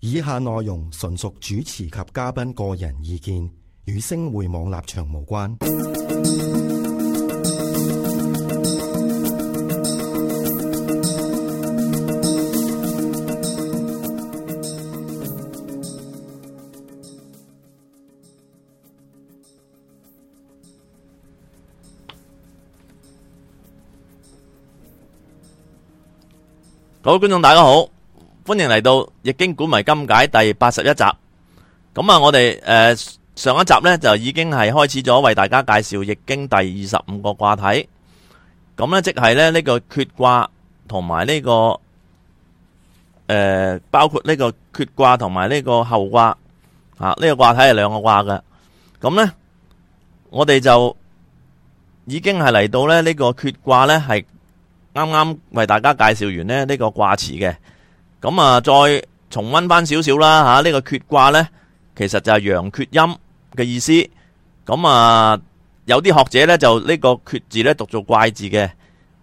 以下內容純屬主持及嘉賓個人意見，與星匯網立場無關。各位觀眾，大家好。歡迎嚟到《易經古謎今解》第八十一集。咁啊，我哋誒上一集呢，就已經係開始咗為大家介紹易經第二十五個卦體。咁呢、這個，即係咧呢個缺卦同埋呢個誒，包括呢個缺卦同埋呢個后卦啊。呢、這個卦體係兩個卦嘅。咁呢，我哋就已經係嚟到咧呢個缺卦呢係啱啱為大家介紹完咧呢個卦辭嘅。咁啊，再重溫翻少少啦吓，呢、這個缺卦呢，其實就係陽缺陰嘅意思。咁啊，有啲學者呢，就呢個缺字呢，讀做怪字嘅。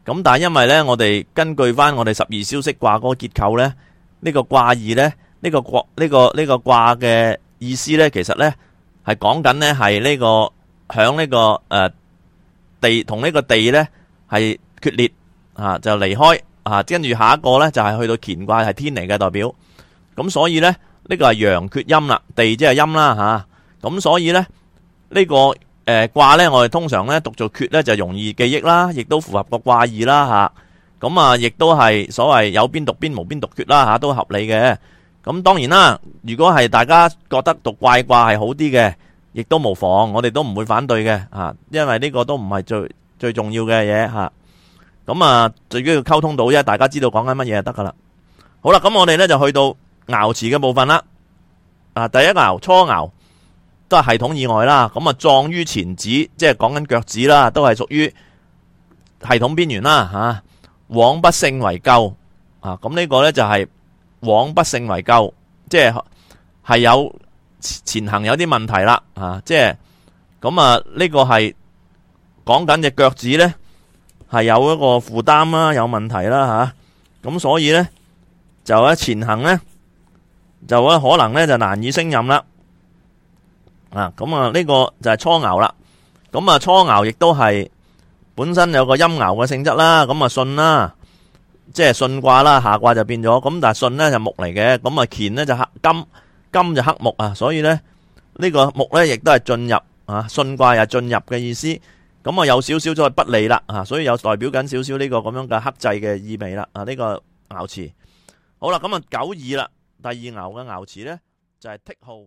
咁但係因為呢，我哋根據翻我哋十二消息卦嗰個結構呢，呢、這個卦二咧，呢、這個這個這個這個卦呢個呢個卦嘅意思呢，其實呢、這個，係講緊呢，係呢個響呢個誒地同呢個地呢，係決裂啊，就離開。啊，跟住下一個咧就係去到乾卦，係天嚟嘅代表，咁所以咧呢個係陽缺陰啦，地即係陰啦吓，咁所以咧呢個誒卦咧，我哋通常咧讀做缺咧，就容易記憶啦，亦都符合個卦意啦吓，咁啊亦都係所謂有邊讀邊無邊讀缺啦吓，都合理嘅。咁當然啦，如果係大家覺得讀怪卦係好啲嘅，亦都無妨，我哋都唔會反對嘅吓，因為呢個都唔係最最重要嘅嘢。吓咁啊，最緊要溝通到，啫。大家知道講緊乜嘢就得噶啦。好啦，咁我哋咧就去到爻辭嘅部分啦。啊，第一爻初爻都係系統以外啦。咁啊，壯于前趾，即係講緊腳趾啦，都係屬於系統邊緣啦。吓、啊，往不勝為咎。啊，咁、嗯、呢、這個咧就係往不勝為咎，即係係有前行有啲問題啦。啊，即係咁啊，這個、腳指呢個係講緊隻腳趾咧。係有一個負擔啦，有問題啦吓，咁所以呢就喺前行呢就咧可能呢就難以勝任啦啊！咁啊呢個就係初爻啦，咁啊初爻亦都係本身有個陰爻嘅性質啦，咁啊巽啦，即係巽卦啦，下卦就變咗，咁但係巽呢就木嚟嘅，咁啊乾呢就黑金，金就剋木啊，所以呢呢個木呢亦都係進入啊巽卦又進入嘅意思。咁啊，有少少再不利啦，啊，所以又代表緊少少呢個咁樣嘅克制嘅意味啦，啊，呢個爻詞。好啦，咁啊九二啦，第二爻嘅爻詞咧就係剔號。